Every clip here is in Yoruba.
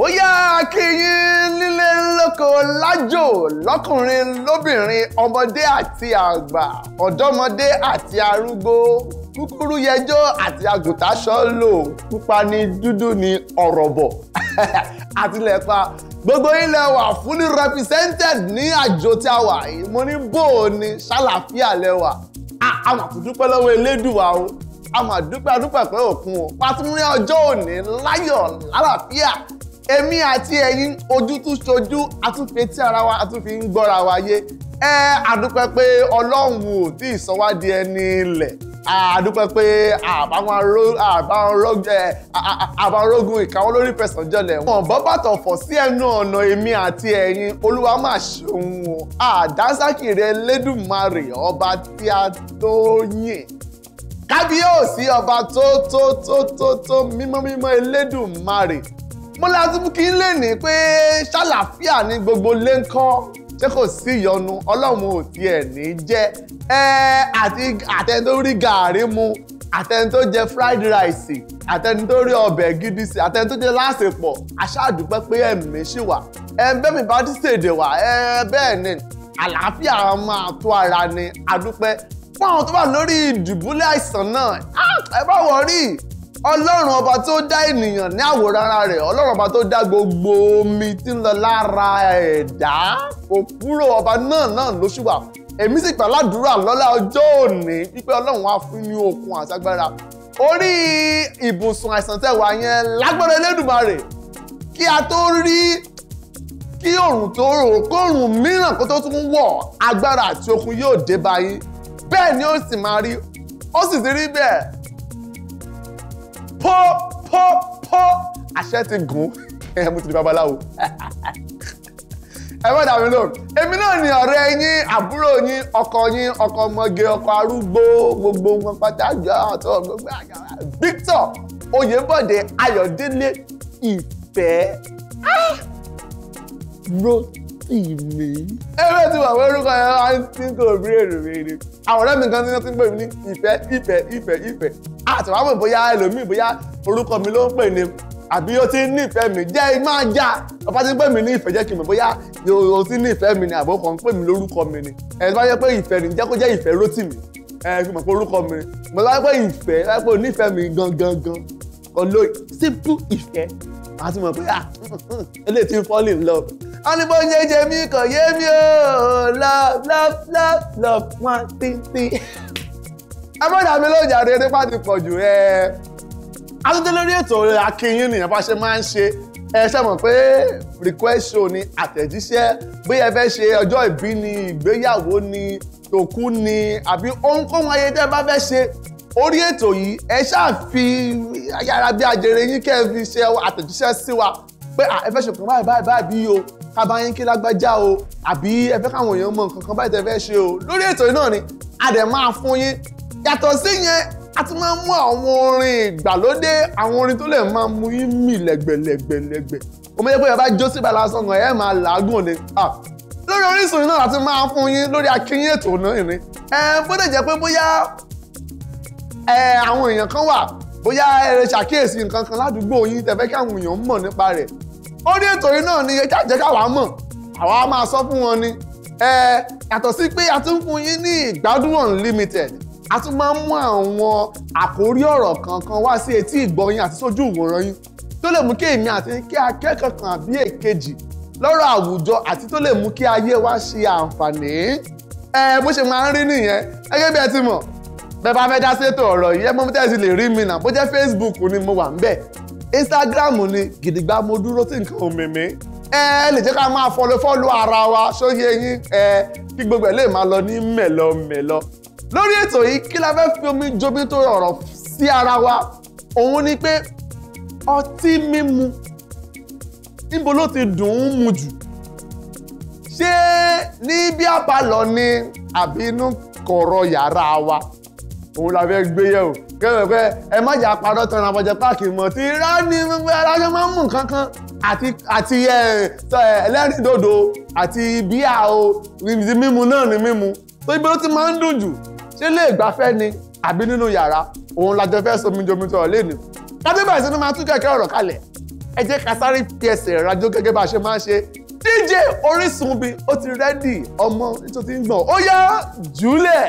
ó yá akínyín nílé lóko lájò lọ́kùnrin lóbìnrin ọmọdé àti àgbà ọ̀dọ́mọdé àti arúgbó kúkúrú yẹjọ́ àti àgùntàṣọ́ lò pupa ni dúdú ni ọ̀rọ̀bọ̀ àtìlẹ́pa gbogbo ilẹ̀ wà fully represented ní àjò tí a wà yìí mo ní bò ó ní ṣàlàfíà lẹ́wà a máa kú dúpẹ́ lọ́wọ́ elédùwà o a máa dúpẹ́ adúpẹ́ òkun o pàtúmúrí ọjọ́ òní láyọ̀ lálàáfíà èmi àti ẹ̀yin ojú tún ṣojú àtúnfetí ara wa àtúnfi ń gbọ́ra wa yé ẹ àdúpẹ́ pé ọlọ́run ò tí ì sọ wá di ẹni ilẹ̀ àdúpẹ́ pé àbáwọn rógun ìkáwọ́ lórí fẹ̀sán jọlẹ̀ wọn bọ́ bàtọ̀ fọ̀ sí ẹnu ọ̀nà èmi àti ẹ̀yin olúwa máa ṣeun o àdásákìrẹ́ lẹ́dùnmarè ọba tí a tó yìn kábíyèsí ọba tó tó tó tó tó mímọ́ mímọ́ mo láti fún kí n lè ní pé ṣàlàfíà ní gbogbo lẹ́ńkán ṣé kò sí ìyọnu ọlọ́run ò tiẹ̀ ní jẹ́ ẹ àti àtẹni tó rí gàárì mu àtẹni tó jẹ fried rice àtẹni tó rí ọbẹ̀ gidi sí àtẹni tó jẹ lásìpọ̀ aṣáàdúpẹ́ pé ẹ̀mí ṣì wà ẹ bẹ́ẹ̀ mi bá ti ṣèdè wá ẹ bẹ́ẹ̀ ni àlàáfíà máa tó ara ni adúpẹ́ fún àwọn tó wà lórí ìdùbúlẹ̀ àìsàn náà ah, ẹ bá wọ̀ rí ọlọ́run ọba tó dá ènìyàn ní àwòrán ara rẹ̀ ọlọ́run ọba tó dá gbogbo omi tí ń lọ lára ẹ̀dá kò kúrò ọba náà náà lóṣù wà èmi sì pàládùúrà lọ́la ọjọ́ òní pípẹ́ ọlọ́run á fún ní okun àtagbára orí ibùsùn àìsàn tẹ̀wá yẹn lágbára Elédùmarè kí a tó rí kí òrùn tó rò kóòrùn mìíràn kó tó tún wọ̀ agbára àti okun yóò dé báyìí bẹ́ẹ̀ ni ó sì máa rí ó sì ti rí bẹ́ẹ̀ pó pó pó àṣẹ ti gùn ẹ mo ti di babaláwo ẹ má dàbí lò èmi náà ni ọ̀rẹ́ yín àbúrò yín ọkọ yín ọkọ ọmọge ọkọ arúgbó gbogbo wọn pátá jọ àtọ gbogbo àgbà Victor Oyèbọ̀dé Ayọ̀délé ìfẹ́ ah! rotì mi. ẹgbẹ́ tí wàá wẹ́rúkọ yẹn wá ń tí kò rí èrò mi ni àwọn ọ̀rẹ́ mi kan ti ń pè mí ní ìfẹ́ ìfẹ́ ìfẹ́ ìfẹ́ àtìwámọ̀ bóyá ẹlòmíì bóyá orúkọ mi ló ń pè ní àbí o ti ní ìfẹ́ mi jẹ́ máa já ọba ti pè mí ní ìfẹ́ jẹ́ kí n mọ̀ bóyá o ti ní ìfẹ́ mi ni àbó kan pè mí lórúkọ mi ni ẹ bá yẹ pé ìfẹ́ ni jẹ́ kó jẹ́ ìfẹ́ rótì mi ẹ fi mọ̀ pé orúkọ mi ni mo bá pé ìfẹ́ bá yẹ pé onífẹ́ mi gan gan gan kan simple ìfẹ́ màá ti mọ̀ pé à ah, eléyìí ti fall in love ánìbó ń jẹjẹ mi kàn yé mi o love love love love one thing thing ẹgbẹ́dà mi lóòjà rẹ̀ nípa ti pọ̀ jù ẹ atúndé lórí ètò akínyìn nìyẹn bá ṣe máa ń ṣe ẹ ṣe mọ̀ pé request show ni àtẹ̀jíṣẹ́ bóyá ẹ fẹ́ ṣe ọjọ́ ìbí ni ìgbéyàwó ni tòkú ni àbí ohunkóhun ayé tẹ́ bá fẹ́ ṣe orí ètò yìí ẹ ṣáà fi ayára bí ajere yín kẹ́ ẹ fi ṣe àtẹ̀jíṣẹ́ sí wa pé ẹ fẹ́ ṣe nǹkan báyìí báyìí báyìí bí o kábà yín kí lágbájá o àbí ẹ fẹ́ káwọn èèyàn mọ nǹkan kan báyìí tẹ́ fẹ́ ṣe o lórí ètò yìí náà ni a dẹ̀ máa fún yín yàtọ̀ sí yẹn a ti máa mú àwọn orin ìgbàlódé àwọn orin tó lè máa mú yín mì lẹ́gbẹ̀lẹ́gbẹ̀lẹ́gbẹ̀ òun yẹ pé yàrá jósìbà lásán kan ẹ máa làágùn ni lórí Orísun yìí náà láti máa fún yín lórí akínyìn ètò náà ìrìn ẹ bó lè jẹ́ pé bóyá àwọn èèyàn kan wà bóyá ẹ ṣàkíyèsí nǹkan kan ládùúgbò yín tẹ̀fẹ́ kí àwọn èèyàn mọ̀ nípa rẹ̀ ó ní ètò yìí náà ni ẹ jẹ́ káwa mọ̀ àwa máa sọ fún wọn ni yàtọ̀ sí pé a tún fún yín ní ìgbádùn unlimited a tún máa ń mú àwọn àkórí ọ̀rọ̀ kankan wá sí etí ìgbọ̀yìn àti sójú ìwòran yín tó lè mú kí èmi àti kí akẹ́kọ̀ọ́ kan àbí èkejì lọ́rọ̀ àwùjọ àti tó lè mú kí ayé wa ṣe àǹfààní ẹ bó ṣe máa ń rí nìyẹn gẹ́gẹ́ bí ẹ ti mọ̀ bẹ́ẹ̀ bá fẹ́ dá sétò ọ̀rọ̀ yìí ẹ mọ̀ tẹ́sí lè rí mi nà bó jẹ́ Facebook ni mo wà ń bẹ̀ Instagram ni gidigba mo dúró tí nǹkan ò mèmí ẹ lè jẹ́ ká máa fọlọ́fọ́lọ́ ara wa ṣóyè yín ẹ kí gbogbo ẹ̀ lè máa lọ ní mẹ̀lọmẹ̀lọ lórí ètò yìí kí la fẹ́ fi omi jomi tó ọ̀rọ̀ sí ara wa òun ni pé ọtí mímu níbo ló ti dùn ún mu jù ṣé ní bí àbálọ̀ ni àbí inú kọ̀rọ̀ yàrá wa òun la fẹ́ gbé yẹ̀wò kẹ́wọ̀n pé ẹ má jà parọ́ tán àwọn ọjà páàkì mọ̀ tí rání gbogbo ara ṣe máa ń mú nǹkan kan àti àti ẹlẹ́rìndòdò àti bíà o mímu náà ni mímu tó ibi ló ti máa ń dùn jù ṣé ilé ìgbafẹ́ ni àbí nínú yàrá òun la jọ fẹ́ somijomi tọrọ lẹ́nu kájú bẹ̀rẹ̀ sí ni máa tún kẹ̀kẹ́ ọ̀rọ̀ kalẹ̀ ẹ jẹ́ ká sáré fi ẹsẹ̀ rajó gẹ́gẹ́ bá a ṣe máa ń ṣe DJ Orísun bi ó ti rẹ́dì ọmọ tó ti ń gbọ̀n ó yá jùlẹ̀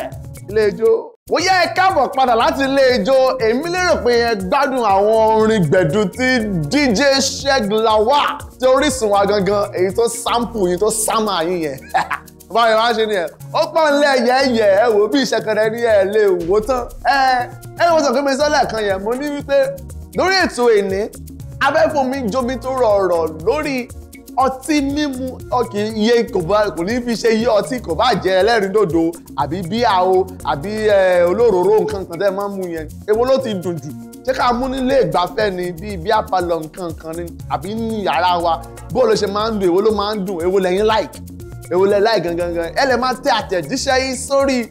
ilé ijó ó yá ẹ káàbọ̀ padà láti ilé ijó èmi lérò pé ẹ gbádùn àwọn orin gbẹ̀du tí DJ Sheik Lawal tí Orísun wa gangan èyí tó sáǹpù yìí tó sámà yìí yẹn báyìí wá ṣe ni ẹ̀ ó pọ̀ ńlẹ̀ yẹ̀yẹ̀ ẹ wò bí ìṣẹ̀kẹ̀rẹ̀ ní ẹ̀ lè wò tán ẹ ẹ wọ́n sọ pé mi sọ́lẹ̀ kan yẹn mo ní wípé lórí ètò èní abẹ́fún mi jomi tó rọrọ̀ lórí ọtí mímu ọkì iye kò bá kò ní fi ṣe iye ọtí kò bá jẹ ẹlẹ́rìndòdò àbí bíà o àbí olóróró nǹkan kan tẹ́ máa ń mu yẹn èwo ló ti dùn jù ṣé ká mú nílé ìgbafẹ́ ni bíi bí apalọ̀ nǹkan kan ni àbí ní yàrá wa bó ló ṣe máa ń dùn èwo ló máa ń dùn èwo lẹ́yìn like èwo lẹ láì gangan gan ẹ lè máa tẹ àtẹ̀jíṣẹ́ yín sórí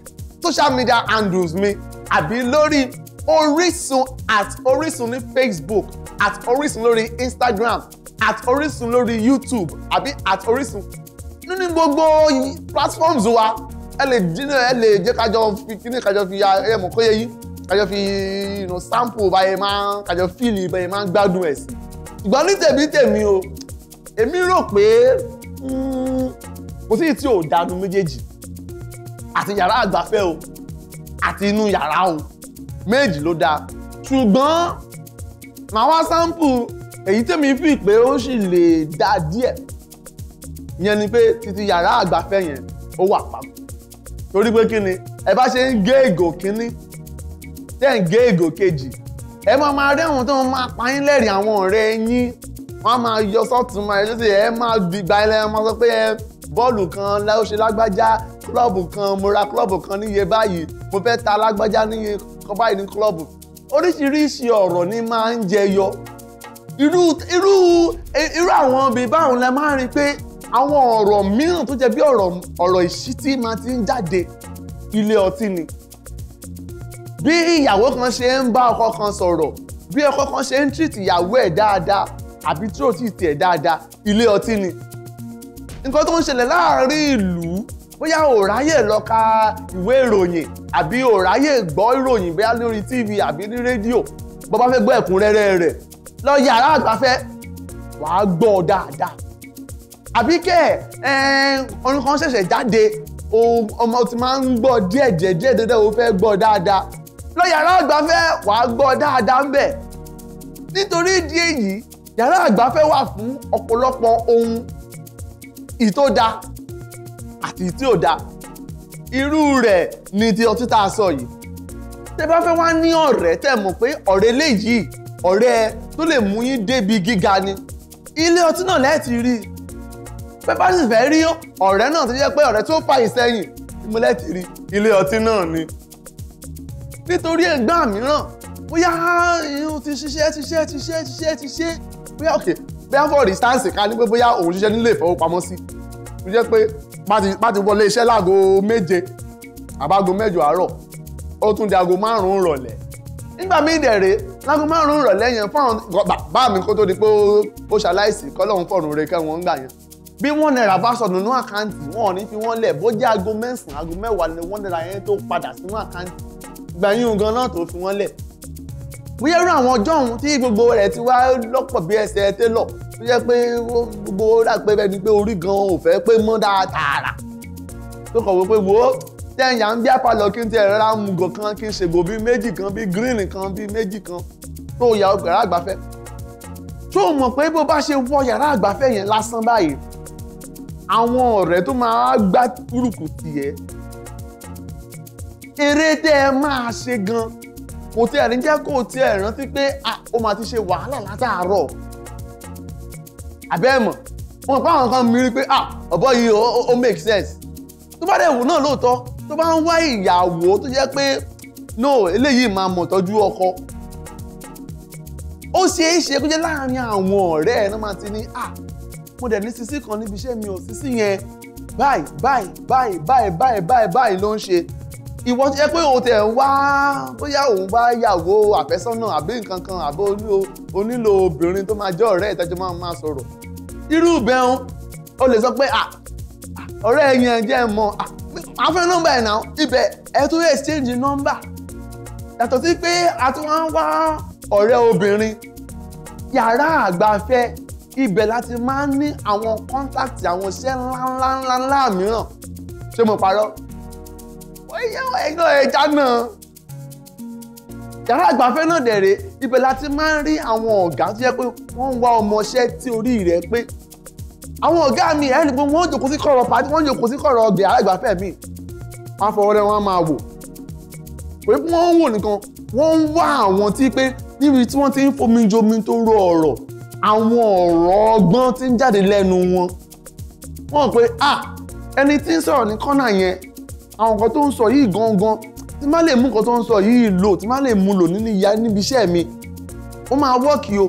social media handles mi àbí lórí Orísun at Orísun ní Facebook at Orísun lórí Instagram at Orísun lórí YouTube àbí at Orísun nínú gbogbo platforms wa ẹ lè dínà ẹ lè jẹ́ kájọ fi kíní kájọ fi ya ẹ mọ̀ kóyẹ yìí kájọ fi you know, sample báyẹn máa kájọ fíìlì báyẹn máa gbádùn ẹ̀ sí. ìgbọ́n ní tèmi tèmi o èmi rò pé hmm, kò sí tí ò dánú méjèèjì àti yàrá àgbàfẹ́ o àti inú yàrá o méjì ló dáa ṣùgbọ́n màá wá sáǹpù èyí tèmi fi pé ó sì lè dá díẹ̀ ìyẹn ni pé títí yàrá àgbàfẹ́ yẹn ó wà papọ̀ torí pé kí ni ẹ bá ṣe ń gé ègò kínní tẹ́ ń gé ègò kejì ẹ máa máa rí àwọn tó máa pa yín lẹ́rìn àwọn ọ̀rẹ́ yín wọ́n á máa yọ sọ́tún máa yọ sí ẹ máa gbìgbà ẹ máa sọ pé ẹ bọ́ọ̀lù kan ó ṣe lágbájá klọ́ọ̀bù kan mo ra klọ́ọ̀bù kan níye báyìí mo fẹ́ ta lágbájá níye kan báyìí ní klọ́ọ̀bù oríṣiríṣi ọ̀rọ̀ ni máa ń jẹyọ irú irú irú àwọn bíi báwọn lẹ máa ń rí pé àwọn ọ̀rọ̀ mìíràn tó jẹ bí ọ̀rọ̀ ọ̀rọ̀ ìṣítí máa ti ń jáde ilé ọtí ni bí ìyàwó kan ṣe ń bá ọkọ kan sọ̀rọ̀ bí ọkọ kan ṣe ń tírìtì ìyàwó ẹ̀ dáadáa àbí tí ò tí ì dáadáa ilé ọtí ni nǹkan tó ń ṣẹlẹ̀ láàárín ìlú bóyá ò ráyè lọ ka ìwé ìròyìn àbí ò ráyè gbọ́ ìròyìn bóyá lórí tv àbí ní rédíò bó bá fẹ́ gbọ́ ẹ̀kúnrẹ́rẹ́ rẹ̀ lọ yàrá àgbàfẹ́ wàá gbọ́ dáadáa àbí kẹ́ ẹ̀ orin kan ṣẹ̀ṣẹ̀ jáde ọmọ ti máa ń gbọ́ díẹ̀ díẹ̀ díẹ̀ díẹ̀ ó fẹ́ gbọ́ dáadáa lọ yàrá àgbàfẹ́ wàá gbọ́ dáadáa ń nítorí ìdí èyí yàrá àgbàfẹ́ wà fún ọ̀pọ̀lọpọ̀ ohun ìtó da àti ìtí ò da irú rẹ̀ ni ti ọtí tá a sọ yìí tẹ bá fẹ́ wá ní ọ̀rẹ́ tẹ mọ̀ pé ọ̀rẹ́ léyìí ọ̀rẹ́ tó lè mú yín débi gíga ni ilé ọtí náà lẹ́ẹ̀tì rí bẹ́ẹ̀ bá sì fẹ́ rí ọ̀rẹ́ náà tó jẹ́ pé ọ̀rẹ́ tó fàyè sẹ́yìn mo lẹ́ẹ̀tì rí ilé ọtí náà ni nítorí ẹgbẹ́ mìíràn bóyá o ti ṣiṣẹ́ ti ṣe ti ṣe ti ṣe ti ṣe bóyá òkè bẹ́ẹ̀ for instance ká ní pé bóyá òun ṣiṣẹ́ nílé ìfowópamọ́sí tó jẹ́ pé bá ti wọlé iṣẹ́ láago méje àbágo mẹ́jọ àárọ̀ ó tún di aago márùn-ún rọ̀lẹ́ nígbà míì dẹ̀rẹ̀ láago márùn-ún rọ̀lẹ́ yẹn fọ́n bá mi kó tó di pé ó ṣaláìsí kọ́lọ́hún fọ̀rùn rẹ̀ kẹ́wọ̀n ń gbà yẹn bí wọ́n náírà bá sọ̀nù nínú àkáǹtì wọn ò ní fi wọ́n lẹ̀ bó jẹ́ aago mẹ́sàn-án aago mẹ́wàá ni wọ́n náírà yẹn tó padà sínú àkáǹtì gbẹ̀yìn gan náà tó fi wọ́n lẹ̀ bóyá irú àwọn ọjọ́ ọ̀hún tí gbogbo rẹ̀ ti wá lọ́pọ̀ bí ẹsẹ̀ télọ̀ tó jẹ́ pé gbogbo rà pé bẹ́ẹ̀ pé orí gan ò fẹ́ pé mọ́ dáa tààrà tó kàn wọ́n pé tẹ̀yà ń bí àpàlọ́ kí n tẹ̀ rárá mu kan kí n ṣègò bíi méjì kan bíi green kan bíi méjì kan tó yà yàrá àgbàfẹ́ tó mọ̀ pé bó bá ṣe wọ yàrá àgbàfẹ́ yẹn lásán báyìí àwọn ọ̀rẹ́ tó máa gbá kúrùkù tiẹ̀ eré tẹ́ ẹ máa ṣe gan kò tiẹ̀ ní jẹ́ kó tiẹ̀ rántí pé ó máa ti ṣe wàhálà látàárọ̀ àbẹ́ẹ̀mọ̀ wọn pa àwọn kan mìíràn pé ah ọ̀bọ yìí ó make sense tó bá dẹ̀ wò náà lóòótọ́ tó bá ń wá ìyàwó tó jẹ́ pé no eléyìí máa mọ̀ tọ́jú ọkọ ó ṣeé ṣe kó jẹ́ láàrin àwọn ọ̀rẹ́ ẹ̀ náà máa ti ní ah mo dẹ̀ ní sisi kan níbi iṣẹ́ mi ò sisi yẹn báyìí báyìí báyìí báyìí báyìí báyìí báyìí ló ń ṣe ìwọ ti jẹ́ pé o tẹ̀ ń wá bóyá òun bá yàwó àfẹ́sọ́nà àbí nǹkan kan àbí onílò obìnrin tó máa jẹ́ ọ̀rẹ́ ìtẹ́jọ́ máa máa sọ̀rọ̀ irú bẹ́ẹ̀ o lè sọ pé ah, ọ̀rẹ́ ẹ̀yìn ẹ̀jẹ̀ mọ̀ ah, máa fẹ́ nọ́mbà ẹ̀ náà ibẹ̀ ẹ tún exchange nọ́mbà yàtọ̀ sí pé a tún wá ń wá ọ̀rẹ́ obìnrin yàrá àgbàfẹ́ ibẹ̀ láti máa ń ní àwọn kọ́ńtàkì àwọn iṣẹ́ ńláńláńlá mìíràn ṣé mo parọ́ ẹ̀yọ́ ẹ̀yọ́ ẹja náà yàrá àgbàfẹ́ náà dẹ̀ rèé ibẹ̀ láti máa ń rí àwọn ọ̀gá tó yẹ pé wọ́n ń wá ọmọọṣẹ́ tí orí rẹ̀ pé àwọn ọ̀gá mi ẹni pé wọ́n jòkó sí kọ̀rọ̀ pàdé wọ́n jòkó sí kọ̀rọ̀ ọ̀gbẹ̀ alágbàfẹ́ mi wọ́n afọwọ́rẹ́ wọn máa wò pé wọ́n ń wò nìkan wọ́n ń wá àwọn tí pé níbi tí wọ́n ti ń fomi jomi tó ro ọ̀rọ̀ àwọn ọ̀rọ̀ ọgbọ́n ti ń jáde lẹ́nu wọn wọ́n pe ah ẹni tí ń sọ̀rọ̀ ní kọ́nà yẹn àwọn nǹkan tó ń sọ yìí gangan tí má lè mú nǹkan tó ń sọ yìí lò tí má lè mú lò nínú ìyá níbi iṣẹ́ mi ó máa wọ́ọ̀kì o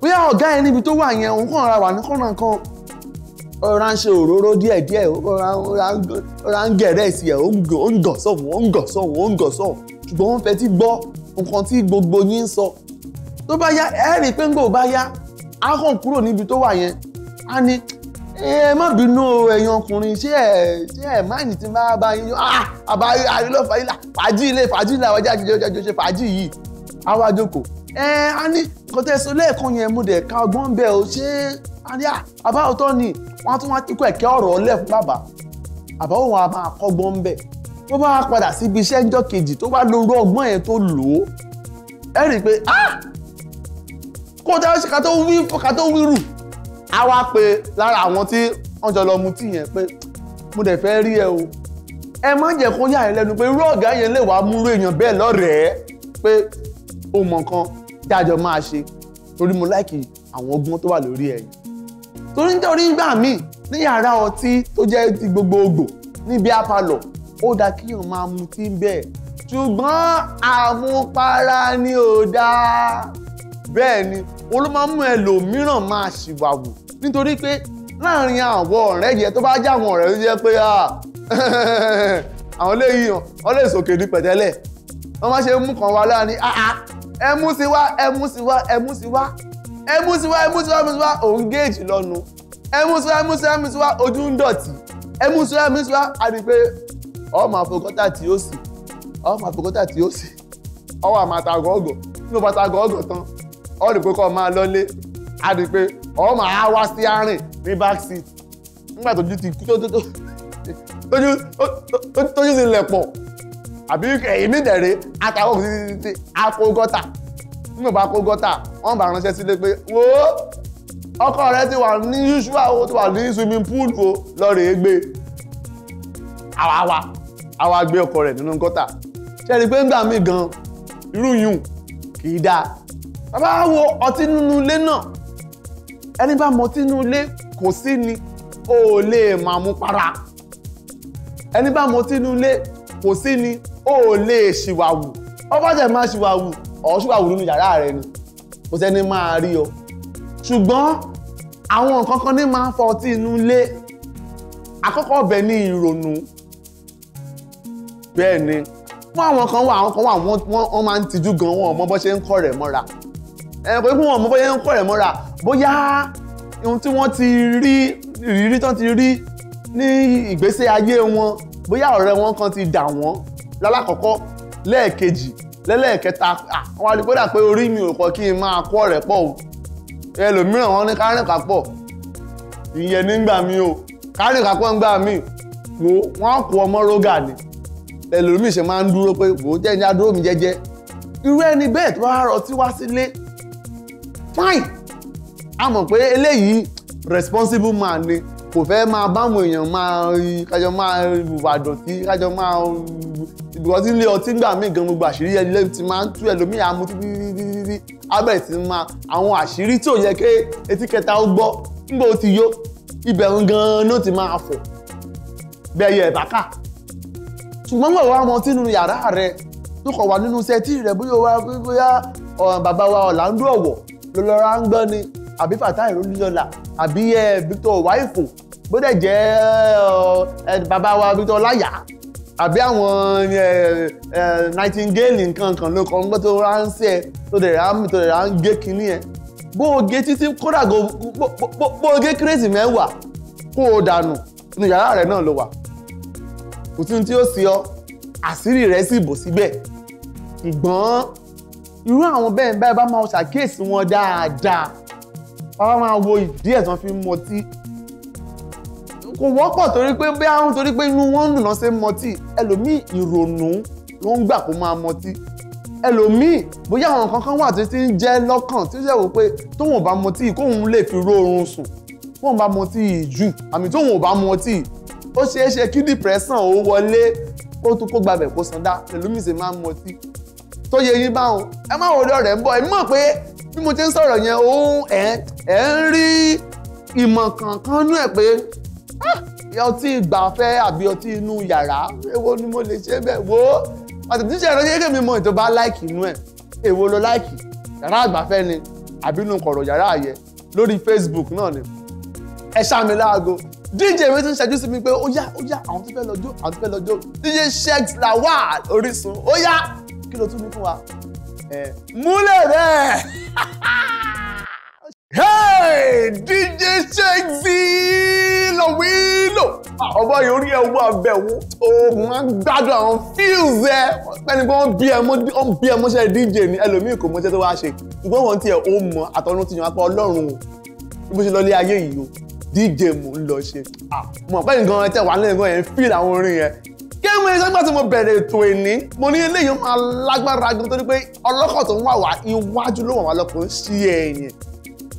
bóyá ọ̀gá yẹn níbi tó wà yẹn òun kàn ra wà ní kọ́nà kan ránṣẹ́ òróró díẹ̀díẹ̀ rángẹ̀rẹ́sì ẹ̀ ó ń gàn sọ̀hún ó ń gàn sọ̀hún ó ń gàn sọ̀hún ṣùgbọ́n wọ́n fẹ́ ti gbọ́ nǹkan tí gbogbo yín sọ tó bá yá ẹ rí i pé ńgbò bá yá á hàn kúrò níbi tó wà yẹn á ní ẹ má bínú ẹ̀yin ọkùnrin ṣé ẹ ṣé ẹ máìnì tí máa bá yín ah àbá àrílọ́fà ilà fàájì ilé fàájì ilé àwọn jáde jọjọ ṣe fàájì yìí àwa jókòó ẹ á ní nǹkan tẹ́ sọ lẹ́ẹ̀kan yẹn mo dẹ̀ ka ọgbọ́n bẹ́ẹ̀ o ṣé àríà àbá òótọ́ ni wọ́n á tún wá kíkọ́ ẹ̀kẹ́ ọ̀rọ̀ ọ̀lẹ́ fún bàbá àbá òun á máa kọ́gbọ́n ń bẹ̀ tó bá wá padà síbi iṣẹ́ ńjọ́ kejì tó bá lo irú ọgbọ́n yẹn tó lò ó ẹ rí i pé ah kó o dáhùn sí ká tó wí ká tó wí rù á wá pé lára àwọn tí wọ́n jọ lọ mutí yẹn pé mo dẹ̀ fẹ́ rí ẹ o ẹ má jẹ́ kó yà ẹ lẹ́nu pé irú ọ̀gá yẹn lè wàá múrú èèyàn bẹ́ẹ̀ lọ́rẹ̀ẹ́ pé o mọ̀ nǹkan tí a jọ máa ṣe torí mo láìkì àwọn ọgbọ́n tó wà lórí ẹ̀yìn torí nítorí ń gbà mí ní yàrá ọtí tó jẹ́ ti gbogbogbò níbi apalọ̀ ó dáa kí èèyàn máa mutí bẹ́ẹ̀ ṣùgbọ́n àmupara ni ò dáa bẹ́ẹ̀ ni olómọ́mú ẹlòmíràn máa ṣìwàwù nítorí pé láàrin àwọn ọ̀rẹ́ yẹn tó bá jẹ́ àwọn ọ̀rẹ́ tó jẹ́ pé àwọn léyìí hàn wọ́n lè sòkè ní pẹ̀tẹ́lẹ̀ wọ́n máa ṣe mú kàn wá láàrin ẹ mú sí wá ẹ mú sí wá ẹ mú sí wá ẹ mú sí wá ẹ mú sí wá ẹ mú sí wá òun géèjì lọ́nu ẹ mú sí wá ẹ mú sí wá ẹ mú sí wá ojú ń dọ̀tí ẹ mú sí wá ẹ mú i pé ọmọ àfọkọ́tà tí ó sì ọmọ àfọkọ́tà tí ó sì ọwọ́ àmọ́ àtàgọ́ ọ̀gọ̀ nínú bàtà àgọ́ ọ̀gọ̀ tán ọ pé kọ́ ọ máa lọ́lé a pé ọmọ á wá sí àárín ní back seat nígbà tójú ti kú tójú ti lẹ̀ pọ̀ àbí èmi dẹ̀ rè é àtàwọn kò sí ti àfọkọ́tà tí mo bá kó gọ́tà wọ́n bá ránṣẹ́ sílé pé wo ọkọ rẹ ti wà ní usual o ti wà ní swimming pool o lọ́ọ̀rẹ́ gbé àwa wa àwa gbé ọkọ rẹ̀ nínú gọ́tà ṣe rí i pé ńgbà míì gan irú yùn kì í dáa bàbá wo ọtí nínú ilé náà ẹni bá mọ ọtí nínú ilé kò sí ni ó lè máa mú para ẹni bá mọ ọtí nínú ilé kò sí ni ó lè ṣìwàwù ọbàjẹ́ máa ṣìwàwù ọ̀ ṣùgbọ́n àwùjọ yàrá rẹ ni kò sẹ́ni máa rí ọ ṣùgbọ́n àwọn nǹkan kan ní máa ń fọ ọtí inú ilé àkọ́kọ́ ọbẹ̀ ní ìrònú bẹ́ẹ̀ ni fún àwọn kan wà àwọn kan wà wọ́n máa ń tijú gan wọn ọmọ bó ṣe ń kọ́ rẹ̀ mọ́ra ẹ̀ pé kí wọn ọmọ bó ṣe ń kọ́ rẹ̀ mọ́ra bóyá ohun tí wọ́n ti rí ìrírí tán ti rí ní ìgbésí ayé wọn bóyá ọ̀rẹ́ wọn kan ti dà wọ́n lálákọ̀ọ́kọ́ lẹ́ẹ̀kejì lẹ́lẹ́kẹta àwọn àdìgbòdà pé orí mi ò kọ́ kí n máa kọ́ ọ̀rẹ́ pọ̀ o ẹlòmíràn wọn ní kárìn kápọ̀ ìyẹn nígbà mi o kárìn kápọ̀ ńgbà mi wo wọn kọ ọmọ rógà ni ẹlòmíì ṣe máa ń dúró pé wò ó jẹ́ ní adúró mi jẹ́jẹ́ irú ẹni bẹ́ẹ̀ tó bá rọ tí wá sílé fine a mọ̀ pé eléyìí responsible man ni kò fẹ́ máa báwọn èèyàn máa kájọ máa wùwà dọ̀tí kájọ máa because ilé ọtí gbà mí gan gbogbo àṣírí ẹni lẹ́yìn ti máa ń tú ẹlòmíì àmú títí abẹ́ ti máa àwọn àṣírí tí ò yẹ ké etí kẹta ó gbọ́ nígbà ó ti yó ibẹ̀ ń gan ló ti máa fọ̀ bẹ́ẹ̀ yẹ bàkà ṣùgbọ́n wọ́n wá ọmọ tí nínú yàrá rẹ̀ tó kọ̀ wá nínú sẹ́tì rẹ̀ bóyá bóyá bàbá wa Ọ̀làǹdó Ọ̀wọ̀ ló lọ́ra ń gbọ́ ni àbí Fatai Olúyọlá àbí Victor Waifu bó dẹ̀ jẹ́ bàbá wa Victor Láyà àbí àwọn nightingale nǹkan kan ló kọ́ ń gbọ́ tó ránṣẹ́ ẹ tó dẹ̀ rán tó dẹ̀ rán gé kínní ẹ bó o gé títí kódà go bó o gé kírésì mẹ́wàá kó o dànù inú yàrá rẹ náà ló wà kò sí ní tí ó sì ọ àṣírí rẹ sì bò síbẹ̀ ṣùgbọ́n irú àwọn bẹ́ẹ̀ bá máa ṣàkíyèsí wọn dáadáa bá máa wo ìdí ẹ̀ tán fi mọtí kò wọ́pọ̀ torí pé bí àrùn torí pé inú wọn ń dùn náà ṣe ń mọtí ẹlòmíì ìrònú ló ń gbà kó máa mọtí ẹlòmíì bóyá àwọn kankan wà tó ti ń jẹ́ lọ́kàn tí ó ṣe wò pé tóun ò bá mọtí kóun lè fi ró oorun sùn tóun bá mọtí jù àmì tóun ò bá mọtí ó ṣeé ṣe kí depression ó wọlé kó tún kó gbàbẹ̀ kó sandá ẹlòmíì sì máa ń mọtí tó yẹ yín báwọn ẹ má wọlé ọ̀rẹ́ ń bọ̀ ẹ mọ̀ pé bí mo ti ń sọ̀rọ̀ yẹn òun ẹ̀ ń rí ìmọ̀ kankan nú ẹ̀ pé ọtí ìgbafẹ́ àbí ọtí inú yàrá èwo ni mo lè ṣe bẹ́ẹ̀ wo pàtàkì tíṣẹ́ ìrántí kékeré mi mọ ètò bá láìkì inú ẹ̀ èwo ló láìkì yàrá ìgbafẹ́ ni àbí inú kọ̀rọ̀ yàrá àyẹ lórí Facebook náà ni ẹ ṣàmì láago dj mi tún ṣẹ́jú sí mi pé ó yá ó yá àwọn tó fẹ́ lọ jó àwọn tó fẹ́ lọ jó dj sheikh lawal Orísun ó yá kí ló tún mú fún wa ẹ múlẹ̀ rẹ̀ hey dj sheikh ọ̀bọ yìí orí ẹ̀ wọ abẹ́ wo o máa gbádùn àwọn fíìlì ẹ̀ ẹni pé wọ́n bí ẹ mọ́ṣẹ́ DJ ni ẹlòmíì kò mọ́ṣẹ́ tó wá ṣe ṣùgbọ́n wọ́n tiẹ̀ ó mọ àtọ́nú ti yàn apá ọlọ́run o bó ṣe lọ lé ayé yìí o DJ mò ń lọ ṣe mọ̀ pẹ́ nǹkan ẹ̀ tẹ̀ wà lẹ́yìn gan yẹn fíìlì àwọn orin yẹn kí ẹ̀mọ ẹ̀ṣẹ́ gbà tí mo bẹ̀rẹ̀ ètò ẹ̀ní mo ní eléyìí máa lágbára gan torí pé ọlọ́kọ̀ tó ń wà wá iwájú ló wà wá lọ́kùnrin sí ẹ̀yìn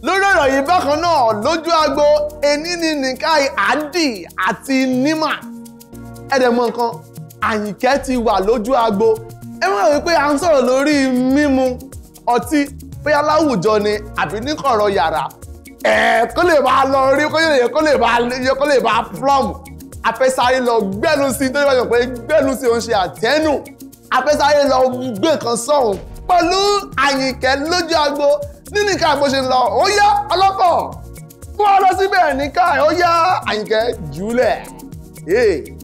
lórí ọ̀rọ̀ yìí bákan náà lójú agbo ení ni nìkáì àdì àti nímà ẹ̀dẹ̀mọ̀ nǹkan àyìnkẹ́ ti wà lójú agbo ẹ mọ̀ wípé à ń sọ̀rọ̀ lórí mímu ọtí bóyá láwùjọ ni àbí níkọ̀rọ̀ yàrá ẹ̀ kó lè máa lọ rí kó lè kó lè máa yẹ kó lè máa plum afẹ́sáré lọ gbẹ́nu sí i tó yẹ pé gbẹ́nu sí òun ṣe àtẹ́nu afẹ́sáré lọ gbé nǹkan sọ̀hún pẹ̀lú àyìnkẹ́ lójú agbo nínú nǹkan àgbo ṣe ń lọ ó yá ọlọ́kọ̀ fún ọ lọ síbẹ̀ ní ó yá àyìnkẹ́ jùlẹ̀.